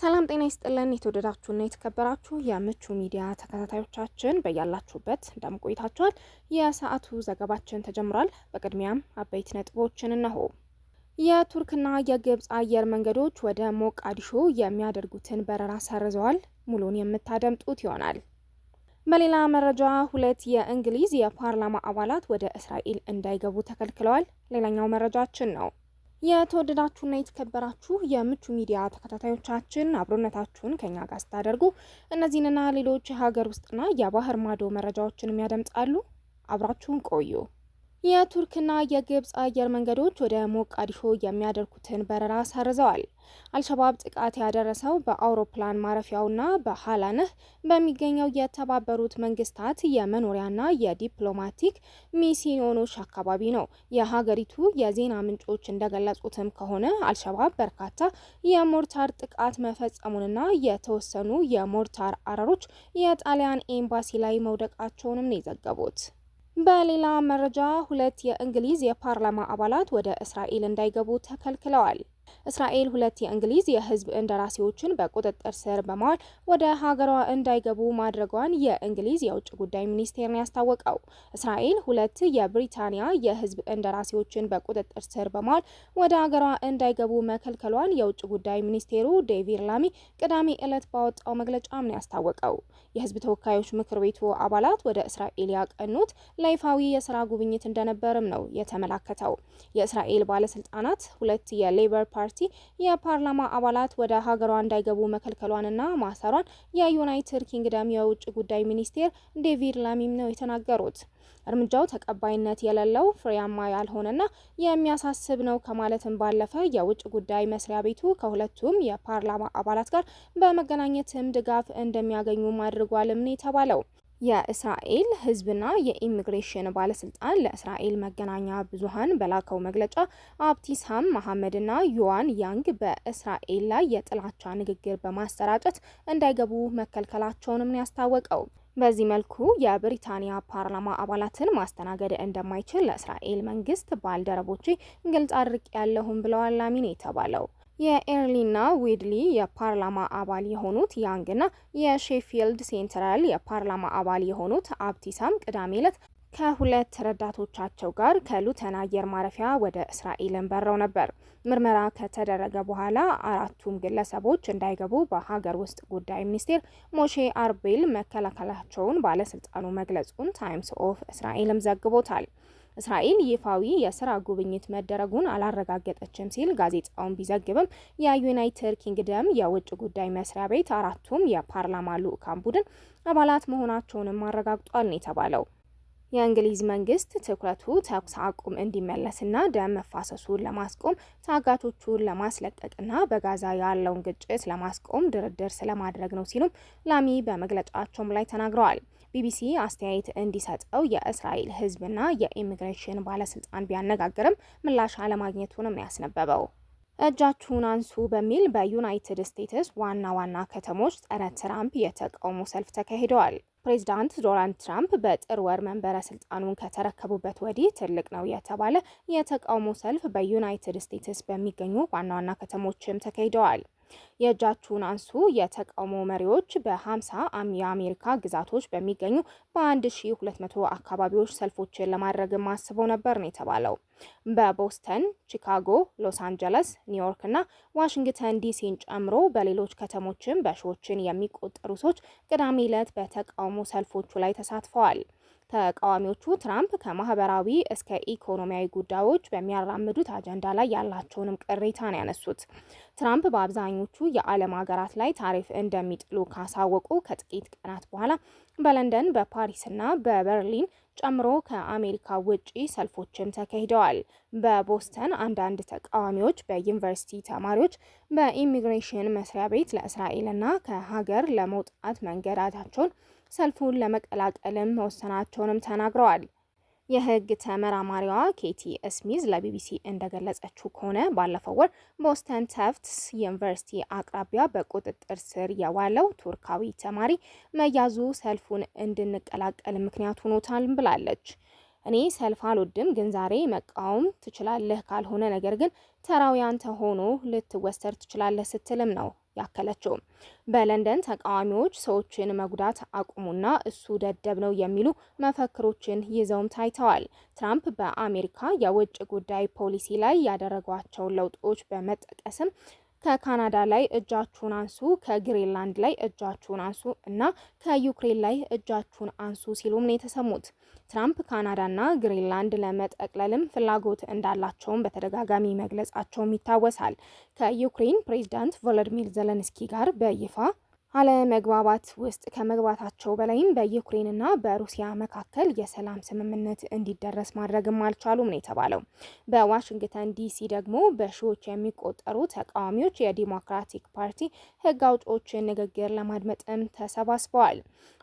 ሰላም ጤና ይስጥልን። የተወደዳችሁና የተከበራችሁ የምቹ ሚዲያ ተከታታዮቻችን በያላችሁበት እንደምቆይታችኋል። የሰዓቱ ዘገባችን ተጀምሯል። በቅድሚያም አበይት ነጥቦችን እነሆ። የቱርክና የግብፅ አየር መንገዶች ወደ ሞቃዲሾ የሚያደርጉትን በረራ ሰርዘዋል። ሙሉን የምታደምጡት ይሆናል። በሌላ መረጃ ሁለት የእንግሊዝ የፓርላማ አባላት ወደ እስራኤል እንዳይገቡ ተከልክለዋል። ሌላኛው መረጃችን ነው። የተወደዳችሁና የተከበራችሁ የምቹ ሚዲያ ተከታታዮቻችን አብሮነታችሁን ከኛ ጋር ስታደርጉ እነዚህንና ሌሎች የሀገር ውስጥና የባህር ማዶ መረጃዎችን የሚያደምጣሉ። አብራችሁን ቆዩ። የቱርክና የግብፅ አየር መንገዶች ወደ ሞቃዲሾ የሚያደርጉትን በረራ ሰርዘዋል። አልሸባብ ጥቃት ያደረሰው በአውሮፕላን ማረፊያውና በሃላነህ በሚገኘው የተባበሩት መንግስታት የመኖሪያና የዲፕሎማቲክ ሚሲዮኖች አካባቢ ነው። የሀገሪቱ የዜና ምንጮች እንደገለጹትም ከሆነ አልሸባብ በርካታ የሞርታር ጥቃት መፈጸሙንና የተወሰኑ የሞርታር አረሮች የጣሊያን ኤምባሲ ላይ መውደቃቸውንም ነው የዘገቡት። በሌላ መረጃ ሁለት የእንግሊዝ የፓርላማ አባላት ወደ እስራኤል እንዳይገቡ ተከልክለዋል። እስራኤል ሁለት የእንግሊዝ የህዝብ እንደራሴዎችን በቁጥጥር ስር በማዋል ወደ ሀገሯ እንዳይገቡ ማድረጓን የእንግሊዝ የውጭ ጉዳይ ሚኒስቴር ነው ያስታወቀው። እስራኤል ሁለት የብሪታንያ የህዝብ እንደራሴዎችን በቁጥጥር ስር በማዋል ወደ ሀገሯ እንዳይገቡ መከልከሏን የውጭ ጉዳይ ሚኒስቴሩ ዴቪድ ላሚ ቅዳሜ ዕለት ባወጣው መግለጫም ነው ያስታወቀው። የህዝብ ተወካዮች ምክር ቤቱ አባላት ወደ እስራኤል ያቀኑት ለይፋዊ የስራ ጉብኝት እንደነበርም ነው የተመላከተው። የእስራኤል ባለስልጣናት ሁለት የሌበር ፓርቲ የፓርላማ አባላት ወደ ሀገሯ እንዳይገቡ መከልከሏንና ማሰሯን የዩናይትድ ኪንግደም የውጭ ጉዳይ ሚኒስቴር ዴቪድ ላሚም ነው የተናገሩት። እርምጃው ተቀባይነት የሌለው ፍሬያማ ያልሆነና የሚያሳስብ ነው ከማለትም ባለፈ የውጭ ጉዳይ መስሪያ ቤቱ ከሁለቱም የፓርላማ አባላት ጋር በመገናኘትም ድጋፍ እንደሚያገኙ አድርጓልም ነው የተባለው። የእስራኤል ህዝብና የኢሚግሬሽን ባለስልጣን ለእስራኤል መገናኛ ብዙሀን በላከው መግለጫ አብቲስሃም መሐመድና ዮዋን ያንግ በእስራኤል ላይ የጥላቻ ንግግር በማሰራጨት እንዳይገቡ መከልከላቸውንም ነው ያስታወቀው። በዚህ መልኩ የብሪታንያ ፓርላማ አባላትን ማስተናገድ እንደማይችል ለእስራኤል መንግስት ባልደረቦቼ ግልጽ አድርቅ ያለሁም ብለዋል ላሚን የተባለው የኤርሊና ዊድሊ የፓርላማ አባል የሆኑት ያንግና የሼፊልድ ሴንትራል የፓርላማ አባል የሆኑት አብቲሳም ቅዳሜ ዕለት ከሁለት ረዳቶቻቸው ጋር ከሉተን አየር ማረፊያ ወደ እስራኤልን በረው ነበር። ምርመራ ከተደረገ በኋላ አራቱም ግለሰቦች እንዳይገቡ በሀገር ውስጥ ጉዳይ ሚኒስቴር ሞሼ አርቤል መከላከላቸውን ባለስልጣኑ መግለጹን ታይምስ ኦፍ እስራኤልም ዘግቦታል። እስራኤል ይፋዊ የስራ ጉብኝት መደረጉን አላረጋገጠችም ሲል ጋዜጣውን ቢዘግብም የዩናይትድ ኪንግደም የውጭ ጉዳይ መስሪያ ቤት አራቱም የፓርላማ ልዑካን ቡድን አባላት መሆናቸውንም አረጋግጧል ነው የተባለው። የእንግሊዝ መንግስት ትኩረቱ ተኩስ አቁም እንዲመለስና ደም መፋሰሱን ለማስቆም ታጋቾቹን ለማስለቀቅና በጋዛ ያለውን ግጭት ለማስቆም ድርድር ስለማድረግ ነው ሲሉም ላሚ በመግለጫቸውም ላይ ተናግረዋል። ቢቢሲ አስተያየት እንዲሰጠው የእስራኤል ሕዝብና የኢሚግሬሽን ባለስልጣን ቢያነጋግርም ምላሽ አለማግኘቱንም ያስነበበው። እጃችሁን አንሱ በሚል በዩናይትድ ስቴትስ ዋና ዋና ከተሞች ጸረ ትራምፕ የተቃውሞ ሰልፍ ተካሂደዋል። ፕሬዚዳንት ዶናልድ ትራምፕ በጥር ወር መንበረ ስልጣኑን ከተረከቡበት ወዲህ ትልቅ ነው የተባለ የተቃውሞ ሰልፍ በዩናይትድ ስቴትስ በሚገኙ ዋና ዋና ከተሞችም ተካሂደዋል። የእጃችሁን አንሱ የተቃውሞ መሪዎች በ50 የአሜሪካ ግዛቶች በሚገኙ በ1200 አካባቢዎች ሰልፎችን ለማድረግ አስበው ነበር ነው የተባለው። በቦስተን፣ ቺካጎ፣ ሎስ አንጀለስ፣ ኒውዮርክ እና ዋሽንግተን ዲሲን ጨምሮ በሌሎች ከተሞችም በሺዎችን የሚቆጠሩ ሰዎች ቅዳሜ ዕለት በተቃውሞ ሰልፎቹ ላይ ተሳትፈዋል። ተቃዋሚዎቹ ትራምፕ ከማህበራዊ እስከ ኢኮኖሚያዊ ጉዳዮች በሚያራምዱት አጀንዳ ላይ ያላቸውንም ቅሬታ ነው ያነሱት። ትራምፕ በአብዛኞቹ የዓለም ሀገራት ላይ ታሪፍ እንደሚጥሉ ካሳወቁ ከጥቂት ቀናት በኋላ በለንደን በፓሪስና በበርሊን ጨምሮ ከአሜሪካ ውጪ ሰልፎችም ተካሂደዋል። በቦስተን አንዳንድ ተቃዋሚዎች በዩኒቨርሲቲ ተማሪዎች በኢሚግሬሽን መስሪያ ቤት ለእስራኤልና ከሀገር ለመውጣት መንገዳታቸውን ሰልፉን ለመቀላቀልም መወሰናቸውንም ተናግረዋል። የህግ ተመራማሪዋ ኬቲ ስሚዝ ለቢቢሲ እንደገለጸችው ከሆነ ባለፈው ወር ቦስተን ተፍትስ ዩኒቨርሲቲ አቅራቢያ በቁጥጥር ስር የዋለው ቱርካዊ ተማሪ መያዙ ሰልፉን እንድንቀላቀል ምክንያት ሆኖታል ብላለች። እኔ ሰልፍ አልወድም፣ ግን ዛሬ መቃወም ትችላለህ፣ ካልሆነ ነገር ግን ተራው ያንተ ሆኖ ልትወሰድ ትችላለህ ስትልም ነው ያከለችው። በለንደን ተቃዋሚዎች ሰዎችን መጉዳት አቁሙና እሱ ደደብ ነው የሚሉ መፈክሮችን ይዘውም ታይተዋል። ትራምፕ በአሜሪካ የውጭ ጉዳይ ፖሊሲ ላይ ያደረጓቸውን ለውጦች በመጠቀስም ከካናዳ ላይ እጃችሁን አንሱ፣ ከግሪንላንድ ላይ እጃችሁን አንሱ እና ከዩክሬን ላይ እጃችሁን አንሱ ሲሉም ነው የተሰሙት። ትራምፕ ካናዳና ግሪንላንድ ለመጠቅለልም ፍላጎት እንዳላቸውም በተደጋጋሚ መግለጻቸውም ይታወሳል። ከዩክሬን ፕሬዚዳንት ቮሎዲሚር ዘለንስኪ ጋር በይፋ አለመግባባት ውስጥ ከመግባታቸው በላይም በዩክሬንና በሩሲያ መካከል የሰላም ስምምነት እንዲደረስ ማድረግም አልቻሉም ነው የተባለው። በዋሽንግተን ዲሲ ደግሞ በሺዎች የሚቆጠሩ ተቃዋሚዎች የዲሞክራቲክ ፓርቲ ሕግ አውጪዎችን ንግግር ለማድመጥም ተሰባስበዋል።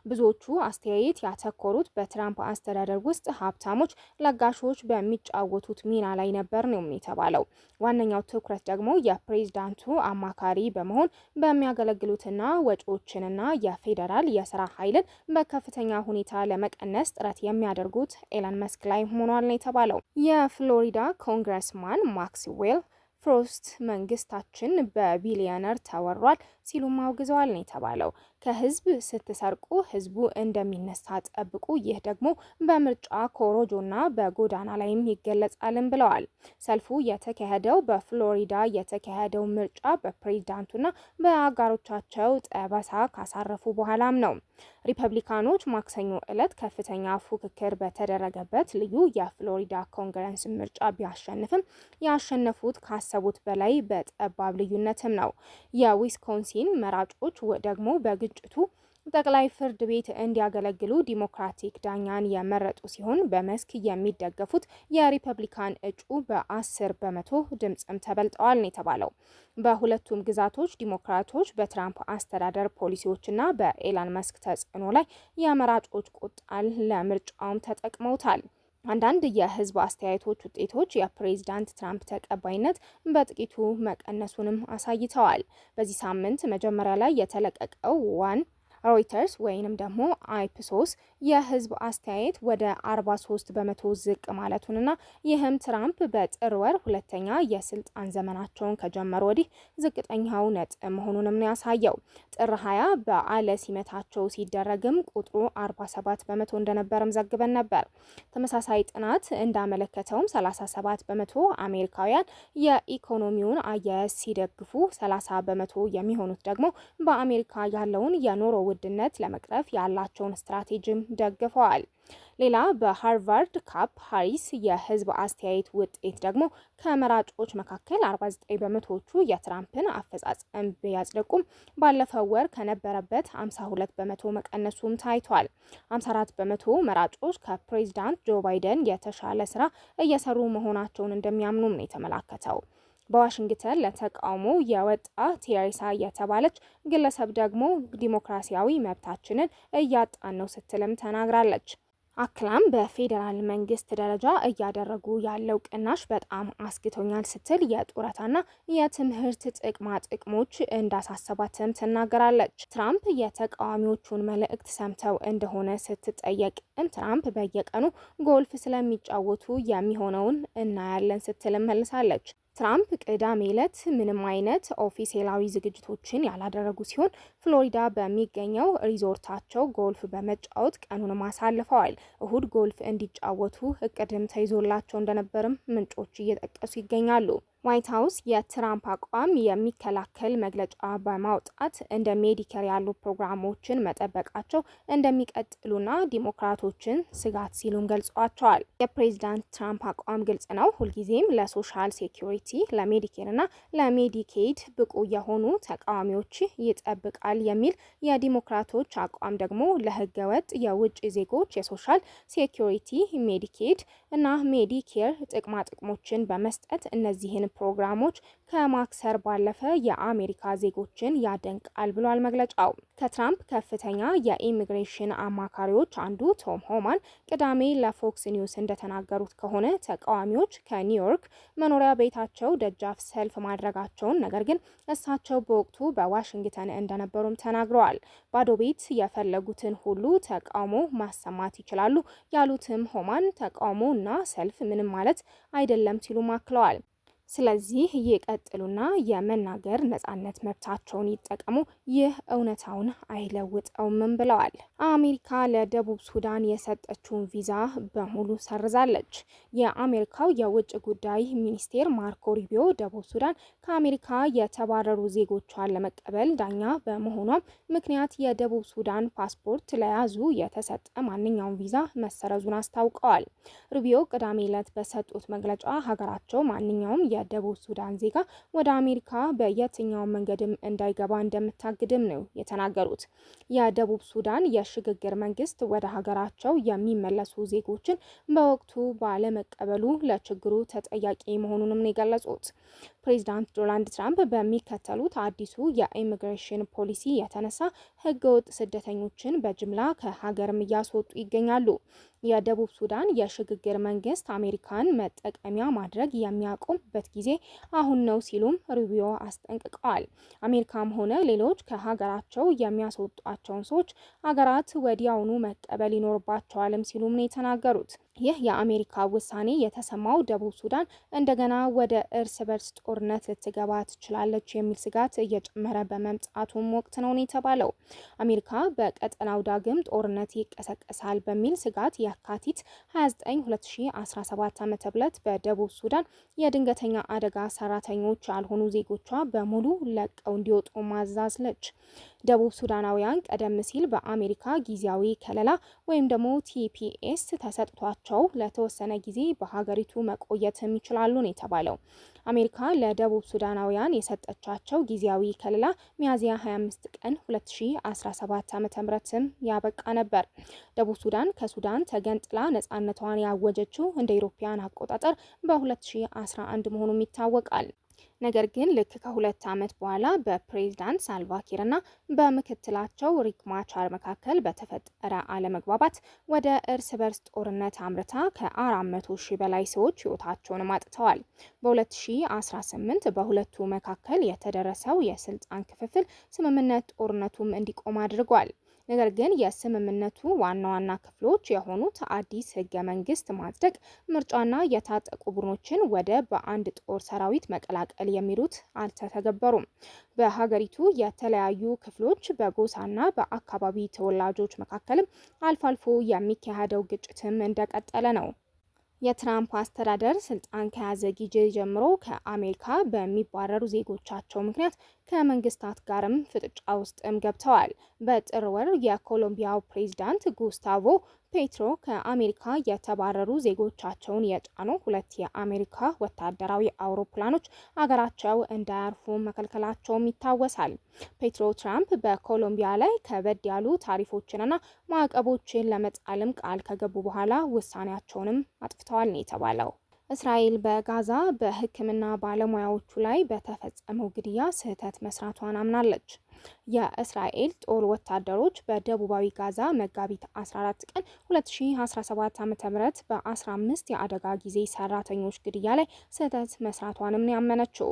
ብዙዎቹ አስተያየት ያተኮሩት በትራምፕ አስተዳደር ውስጥ ሀብታሞች ለጋሾች በሚጫወቱት ሚና ላይ ነበር ነው የተባለው። ዋነኛው ትኩረት ደግሞ የፕሬዝዳንቱ አማካሪ በመሆን በሚያገለግሉትና ወጪዎችንና የፌዴራል የስራ ኃይልን በከፍተኛ ሁኔታ ለመቀነስ ጥረት የሚያደርጉት ኤለን መስክ ላይ ሆኗል ነው የተባለው። የፍሎሪዳ ኮንግረስማን ማክስዌል ፍሮስት መንግስታችን በቢሊዮነር ተወሯል ሲሉም አውግዘዋል ነው የተባለው። ከህዝብ ስትሰርቁ ህዝቡ እንደሚነሳ ጠብቁ፣ ይህ ደግሞ በምርጫ ኮሮጆና በጎዳና ላይም ይገለጻልም ብለዋል። ሰልፉ የተካሄደው በፍሎሪዳ የተካሄደው ምርጫ በፕሬዚዳንቱና በአጋሮቻቸው ጠበሳ ካሳረፉ በኋላም ነው። ሪፐብሊካኖች ማክሰኞ ዕለት ከፍተኛ ፉክክር በተደረገበት ልዩ የፍሎሪዳ ኮንግረስ ምርጫ ቢያሸንፍም ያሸነፉት ካሰቡት በላይ በጠባብ ልዩነትም ነው። የዊስኮንሲ ያሲን መራጮች ደግሞ በግጭቱ ጠቅላይ ፍርድ ቤት እንዲያገለግሉ ዲሞክራቲክ ዳኛን የመረጡ ሲሆን በመስክ የሚደገፉት የሪፐብሊካን እጩ በአስር በመቶ ድምፅም ተበልጠዋል ነው የተባለው። በሁለቱም ግዛቶች ዲሞክራቶች በትራምፕ አስተዳደር ፖሊሲዎችና በኤላን መስክ ተጽዕኖ ላይ የመራጮች ቁጣን ለምርጫውም ተጠቅመውታል። አንዳንድ የህዝብ አስተያየቶች ውጤቶች የፕሬዚዳንት ትራምፕ ተቀባይነት በጥቂቱ መቀነሱንም አሳይተዋል። በዚህ ሳምንት መጀመሪያ ላይ የተለቀቀው ዋን ሮይተርስ ወይንም ደግሞ አይፕሶስ የህዝብ አስተያየት ወደ 43 በመቶ ዝቅ ማለቱንና ይህም ትራምፕ በጥር ወር ሁለተኛ የስልጣን ዘመናቸውን ከጀመሩ ወዲህ ዝቅተኛው ነጥብ መሆኑንም ነው ያሳየው። ጥር 20 በዓለ ሲመታቸው ሲደረግም ቁጥሩ 47 በመቶ እንደነበርም ዘግበን ነበር። ተመሳሳይ ጥናት እንዳመለከተውም 37 በመቶ አሜሪካውያን የኢኮኖሚውን አያያዝ ሲደግፉ፣ 30 በመቶ የሚሆኑት ደግሞ በአሜሪካ ያለውን የኑሮ ውድነት ለመቅረፍ ያላቸውን ስትራቴጂም ደግፈዋል። ሌላ በሃርቫርድ ካፕ ሃሪስ የህዝብ አስተያየት ውጤት ደግሞ ከመራጮች መካከል 49 በመቶዎቹ የትራምፕን አፈጻጸም ቢያጽደቁም ባለፈው ወር ከነበረበት 52 በመቶ መቀነሱም ታይቷል። 54 በመቶ መራጮች ከፕሬዚዳንት ጆ ባይደን የተሻለ ስራ እየሰሩ መሆናቸውን እንደሚያምኑም ነው የተመላከተው። በዋሽንግተን ለተቃውሞ የወጣ ቴሬሳ የተባለች ግለሰብ ደግሞ ዲሞክራሲያዊ መብታችንን እያጣን ነው ስትልም ተናግራለች። አክላም በፌዴራል መንግስት ደረጃ እያደረጉ ያለው ቅናሽ በጣም አስግቶኛል ስትል የጡረታና የትምህርት ጥቅማ ጥቅሞች እንዳሳሰባትም ትናገራለች። ትራምፕ የተቃዋሚዎቹን መልእክት ሰምተው እንደሆነ ስትጠየቅም ትራምፕ በየቀኑ ጎልፍ ስለሚጫወቱ የሚሆነውን እናያለን ስትል መልሳለች። ትራምፕ ቅዳሜ ዕለት ምንም አይነት ኦፊሴላዊ ዝግጅቶችን ያላደረጉ ሲሆን ፍሎሪዳ በሚገኘው ሪዞርታቸው ጎልፍ በመጫወት ቀኑንም አሳልፈዋል። እሁድ ጎልፍ እንዲጫወቱ እቅድም ተይዞላቸው እንደነበርም ምንጮች እየጠቀሱ ይገኛሉ። ዋይት ሀውስ የትራምፕ አቋም የሚከላከል መግለጫ በማውጣት እንደ ሜዲኬር ያሉ ፕሮግራሞችን መጠበቃቸው እንደሚቀጥሉና ዲሞክራቶችን ስጋት ሲሉም ገልጿቸዋል። የፕሬዚዳንት ትራምፕ አቋም ግልጽ ነው። ሁልጊዜም ለሶሻል ሴኩሪቲ፣ ለሜዲኬርና ለሜዲኬድ ብቁ የሆኑ ተቃዋሚዎች ይጠብቃል የሚል የዲሞክራቶች አቋም ደግሞ ለህገ ወጥ የውጭ ዜጎች የሶሻል ሴኩሪቲ፣ ሜዲኬድ እና ሜዲኬር ጥቅማ ጥቅሞችን በመስጠት እነዚህን ፕሮግራሞች ከማክሰር ባለፈ የአሜሪካ ዜጎችን ያደንቃል ብሏል መግለጫው። ከትራምፕ ከፍተኛ የኢሚግሬሽን አማካሪዎች አንዱ ቶም ሆማን ቅዳሜ ለፎክስ ኒውስ እንደተናገሩት ከሆነ ተቃዋሚዎች ከኒውዮርክ መኖሪያ ቤታቸው ደጃፍ ሰልፍ ማድረጋቸውን፣ ነገር ግን እሳቸው በወቅቱ በዋሽንግተን እንደነበሩም ተናግረዋል። ባዶ ቤት የፈለጉትን ሁሉ ተቃውሞ ማሰማት ይችላሉ ያሉትም ሆማን ተቃውሞ እና ሰልፍ ምንም ማለት አይደለም ሲሉ አክለዋል። ስለዚህ ይቀጥሉና የመናገር ነጻነት መብታቸውን ይጠቀሙ፣ ይህ እውነታውን አይለውጠውም ብለዋል። አሜሪካ ለደቡብ ሱዳን የሰጠችውን ቪዛ በሙሉ ሰርዛለች። የአሜሪካው የውጭ ጉዳይ ሚኒስቴር ማርኮ ሩቢዮ ደቡብ ሱዳን ከአሜሪካ የተባረሩ ዜጎቿን ለመቀበል ዳኛ በመሆኗም ምክንያት የደቡብ ሱዳን ፓስፖርት ለያዙ የተሰጠ ማንኛውም ቪዛ መሰረዙን አስታውቀዋል። ሩቢዮ ቅዳሜ ዕለት በሰጡት መግለጫ ሀገራቸው ማንኛውም የደቡብ ሱዳን ዜጋ ወደ አሜሪካ በየትኛውም መንገድም እንዳይገባ እንደምታግድም ነው የተናገሩት። የደቡብ ሱዳን የሽግግር መንግስት ወደ ሀገራቸው የሚመለሱ ዜጎችን በወቅቱ ባለመቀበሉ ለችግሩ ተጠያቂ መሆኑንም ነው የገለጹት። ፕሬዚዳንት ዶናልድ ትራምፕ በሚከተሉት አዲሱ የኢሚግሬሽን ፖሊሲ የተነሳ ህገወጥ ስደተኞችን በጅምላ ከሀገርም እያስወጡ ይገኛሉ። የደቡብ ሱዳን የሽግግር መንግስት አሜሪካን መጠቀሚያ ማድረግ የሚያቆምበት ጊዜ አሁን ነው ሲሉም ሩቢዮ አስጠንቅቀዋል። አሜሪካም ሆነ ሌሎች ከሀገራቸው የሚያስወጧቸውን ሰዎች ሀገራት ወዲያውኑ መቀበል ይኖርባቸዋልም ሲሉም ነው የተናገሩት። ይህ የአሜሪካ ውሳኔ የተሰማው ደቡብ ሱዳን እንደገና ወደ እርስ በርስ ጦርነት ልትገባ ትችላለች የሚል ስጋት እየጨመረ በመምጣቱም ወቅት ነው የተባለው። አሜሪካ በቀጠናው ዳግም ጦርነት ይቀሰቀሳል በሚል ስጋት የካቲት 29 2017 ዓ.ም በደቡብ ሱዳን የድንገተኛ አደጋ ሰራተኞች ያልሆኑ ዜጎቿ በሙሉ ለቀው እንዲወጡ ማዛለች። ደቡብ ሱዳናውያን ቀደም ሲል በአሜሪካ ጊዜያዊ ከለላ ወይም ደግሞ ቲፒኤስ ተሰጥቷቸው ለተወሰነ ጊዜ በሀገሪቱ መቆየትም ይችላሉ ነው የተባለው። አሜሪካ ለደቡብ ሱዳናውያን የሰጠቻቸው ጊዜያዊ ከለላ ሚያዝያ 25 ቀን 2017 ዓ.ም ያበቃ ነበር። ደቡብ ሱዳን ከሱዳን ተገንጥላ ነጻነቷን ያወጀችው እንደ ኢሮፓያን አቆጣጠር በ2011 መሆኑም ይታወቃል። ነገር ግን ልክ ከሁለት ዓመት በኋላ በፕሬዝዳንት ሳልቫኪር እና በምክትላቸው ሪክ ማቻር መካከል በተፈጠረ አለመግባባት ወደ እርስ በርስ ጦርነት አምርታ ከ400 ሺህ በላይ ሰዎች ህይወታቸውን አጥተዋል። በ2018 በሁለቱ መካከል የተደረሰው የስልጣን ክፍፍል ስምምነት ጦርነቱም እንዲቆም አድርጓል። ነገር ግን የስምምነቱ ዋና ዋና ክፍሎች የሆኑት አዲስ ህገ መንግስት ማጽደቅ፣ ምርጫና የታጠቁ ቡድኖችን ወደ በአንድ ጦር ሰራዊት መቀላቀል የሚሉት አልተተገበሩም። በሀገሪቱ የተለያዩ ክፍሎች በጎሳና በአካባቢ ተወላጆች መካከልም አልፎ አልፎ የሚካሄደው ግጭትም እንደቀጠለ ነው። የትራምፕ አስተዳደር ስልጣን ከያዘ ጊዜ ጀምሮ ከአሜሪካ በሚባረሩ ዜጎቻቸው ምክንያት ከመንግስታት ጋርም ፍጥጫ ውስጥም ገብተዋል። በጥር ወር የኮሎምቢያው ፕሬዚዳንት ጉስታቮ ፔትሮ ከአሜሪካ የተባረሩ ዜጎቻቸውን የጫኑ ሁለት የአሜሪካ ወታደራዊ አውሮፕላኖች አገራቸው እንዳያርፉ መከልከላቸውም ይታወሳል። ፔትሮ ትራምፕ በኮሎምቢያ ላይ ከበድ ያሉ ታሪፎችንና ማዕቀቦችን ለመጣልም ቃል ከገቡ በኋላ ውሳኔያቸውንም አጥፍተዋል ነው የተባለው። እስራኤል በጋዛ በሕክምና ባለሙያዎቹ ላይ በተፈጸመው ግድያ ስህተት መስራቷን አምናለች። የእስራኤል ጦር ወታደሮች በደቡባዊ ጋዛ መጋቢት 14 ቀን 2017 ዓ ም በ15 የአደጋ ጊዜ ሰራተኞች ግድያ ላይ ስህተት መስራቷንም ነው ያመነችው።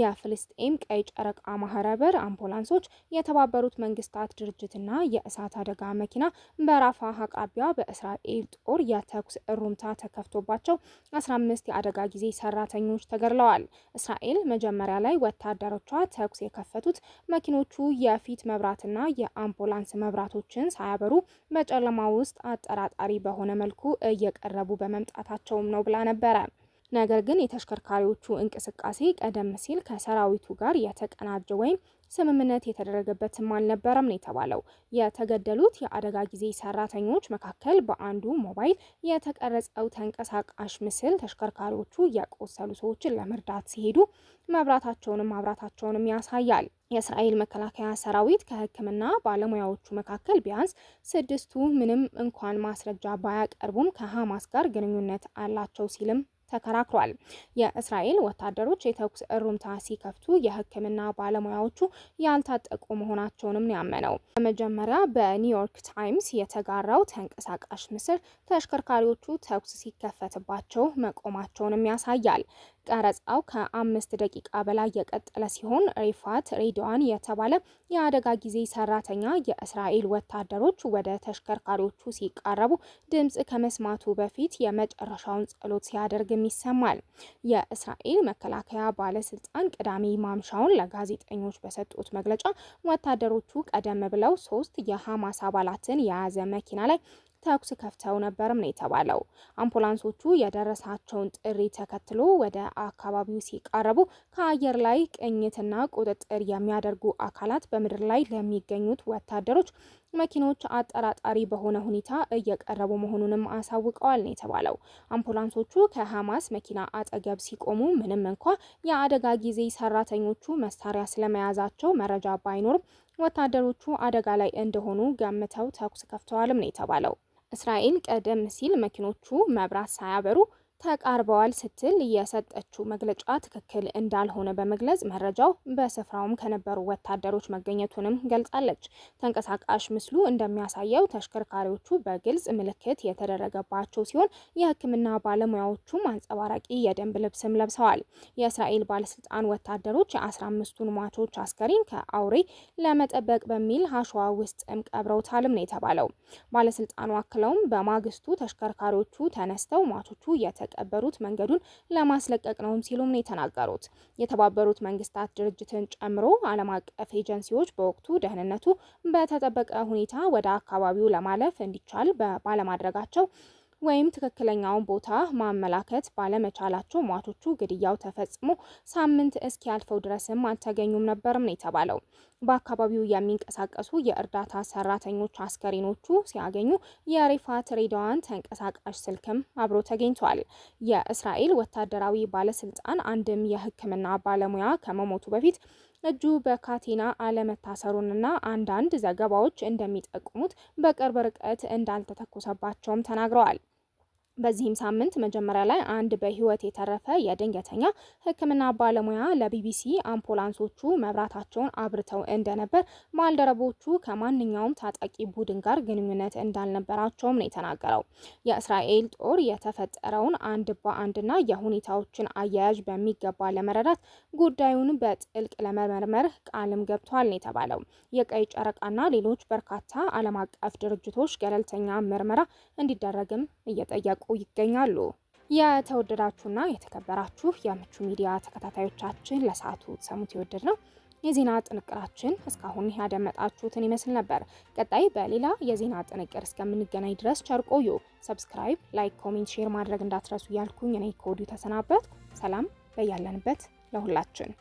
የፍልስጤም ቀይ ጨረቃ ማህረበር አምቡላንሶች፣ የተባበሩት መንግስታት ድርጅትና የእሳት አደጋ መኪና በራፋ አቅራቢያ በእስራኤል ጦር የተኩስ እሩምታ ተከፍቶባቸው 15 የአደጋ ጊዜ ሰራተኞች ተገድለዋል። እስራኤል መጀመሪያ ላይ ወታደሮቿ ተኩስ የከፈቱት መኪኖቹ የፊት መብራትና የአምቡላንስ መብራቶችን ሳያበሩ በጨለማ ውስጥ አጠራጣሪ በሆነ መልኩ እየቀረቡ በመምጣታቸውም ነው ብላ ነበረ። ነገር ግን የተሽከርካሪዎቹ እንቅስቃሴ ቀደም ሲል ከሰራዊቱ ጋር የተቀናጀ ወይም ስምምነት የተደረገበትም አልነበረም ነው የተባለው። የተገደሉት የአደጋ ጊዜ ሰራተኞች መካከል በአንዱ ሞባይል የተቀረጸው ተንቀሳቃሽ ምስል ተሽከርካሪዎቹ የቆሰሉ ሰዎችን ለመርዳት ሲሄዱ መብራታቸውንም ማብራታቸውንም ያሳያል። የእስራኤል መከላከያ ሰራዊት ከሕክምና ባለሙያዎቹ መካከል ቢያንስ ስድስቱ ምንም እንኳን ማስረጃ ባያቀርቡም ከሀማስ ጋር ግንኙነት አላቸው ሲልም ተከራክሯል። የእስራኤል ወታደሮች የተኩስ እሩምታ ሲከፍቱ የህክምና ባለሙያዎቹ ያልታጠቁ መሆናቸውንም ነው ያመነው። በመጀመሪያ በኒውዮርክ ታይምስ የተጋራው ተንቀሳቃሽ ምስል ተሽከርካሪዎቹ ተኩስ ሲከፈትባቸው መቆማቸውንም ያሳያል። ቀረጻው ከአምስት ደቂቃ በላይ የቀጠለ ሲሆን ሪፋት ሬድዋን የተባለ የአደጋ ጊዜ ሰራተኛ የእስራኤል ወታደሮች ወደ ተሽከርካሪዎቹ ሲቃረቡ ድምፅ ከመስማቱ በፊት የመጨረሻውን ጸሎት ሲያደርግም ይሰማል። የእስራኤል መከላከያ ባለስልጣን ቅዳሜ ማምሻውን ለጋዜጠኞች በሰጡት መግለጫ ወታደሮቹ ቀደም ብለው ሶስት የሐማስ አባላትን የያዘ መኪና ላይ ተኩስ ከፍተው ነበርም ነው የተባለው። አምቡላንሶቹ የደረሳቸውን ጥሪ ተከትሎ ወደ አካባቢው ሲቃረቡ ከአየር ላይ ቅኝትና ቁጥጥር የሚያደርጉ አካላት በምድር ላይ ለሚገኙት ወታደሮች መኪኖች አጠራጣሪ በሆነ ሁኔታ እየቀረቡ መሆኑንም አሳውቀዋል ነው የተባለው። አምቡላንሶቹ ከሐማስ መኪና አጠገብ ሲቆሙ ምንም እንኳ የአደጋ ጊዜ ሰራተኞቹ መሳሪያ ስለመያዛቸው መረጃ ባይኖርም ወታደሮቹ አደጋ ላይ እንደሆኑ ገምተው ተኩስ ከፍተዋልም ነው የተባለው። እስራኤል ቀደም ሲል መኪኖቹ መብራት ሳያበሩ ተቃርበዋል ስትል የሰጠችው መግለጫ ትክክል እንዳልሆነ በመግለጽ መረጃው በስፍራውም ከነበሩ ወታደሮች መገኘቱንም ገልጻለች። ተንቀሳቃሽ ምስሉ እንደሚያሳየው ተሽከርካሪዎቹ በግልጽ ምልክት የተደረገባቸው ሲሆን የሕክምና ባለሙያዎቹም አንጸባራቂ የደንብ ልብስም ለብሰዋል። የእስራኤል ባለስልጣን ወታደሮች የአስራ አምስቱን ሟቾች አስከሬን ከአውሬ ለመጠበቅ በሚል አሸዋ ውስጥም ቀብረውታልም ነው የተባለው። ባለስልጣኑ አክለውም በማግስቱ ተሽከርካሪዎቹ ተነስተው ሟቾቹ የተ የተቀበሩት መንገዱን ለማስለቀቅ ነውም ሲሉም ነው የተናገሩት። የተባበሩት መንግስታት ድርጅትን ጨምሮ ዓለም አቀፍ ኤጀንሲዎች በወቅቱ ደህንነቱ በተጠበቀ ሁኔታ ወደ አካባቢው ለማለፍ እንዲቻል ባለማድረጋቸው ወይም ትክክለኛውን ቦታ ማመላከት ባለመቻላቸው ሟቾቹ ግድያው ተፈጽሞ ሳምንት እስኪያልፈው ድረስም አልተገኙም ነበርም ነው የተባለው። በአካባቢው የሚንቀሳቀሱ የእርዳታ ሰራተኞች አስከሬኖቹ ሲያገኙ የሪፋ ትሬዳዋን ተንቀሳቃሽ ስልክም አብሮ ተገኝቷል። የእስራኤል ወታደራዊ ባለስልጣን አንድም የሕክምና ባለሙያ ከመሞቱ በፊት እጁ በካቴና አለመታሰሩንና አንዳንድ ዘገባዎች እንደሚጠቁሙት በቅርብ ርቀት እንዳልተተኮሰባቸውም ተናግረዋል። በዚህም ሳምንት መጀመሪያ ላይ አንድ በህይወት የተረፈ የድንገተኛ ሕክምና ባለሙያ ለቢቢሲ አምቡላንሶቹ መብራታቸውን አብርተው እንደነበር፣ ባልደረቦቹ ከማንኛውም ታጣቂ ቡድን ጋር ግንኙነት እንዳልነበራቸውም ነው የተናገረው። የእስራኤል ጦር የተፈጠረውን አንድ በአንድና የሁኔታዎችን አያያዥ በሚገባ ለመረዳት ጉዳዩን በጥልቅ ለመመርመር ቃልም ገብቷል ነው የተባለው። የቀይ ጨረቃና ሌሎች በርካታ ዓለም አቀፍ ድርጅቶች ገለልተኛ ምርመራ እንዲደረግም እየጠየቁ እየተጠናቀቁ ይገኛሉ። የተወደዳችሁና የተከበራችሁ የምቹ ሚዲያ ተከታታዮቻችን ለሰዓቱ ሰሙት የወደድ ነው የዜና ጥንቅራችን እስካሁን ያደመጣችሁትን ይመስል ነበር። ቀጣይ በሌላ የዜና ጥንቅር እስከምንገናኝ ድረስ ቸር ቆዩ። ሰብስክራይብ፣ ላይክ፣ ኮሜንት፣ ሼር ማድረግ እንዳትረሱ እያልኩኝ እኔ ከወዲሁ ተሰናበትኩ። ሰላም በያለንበት ለሁላችን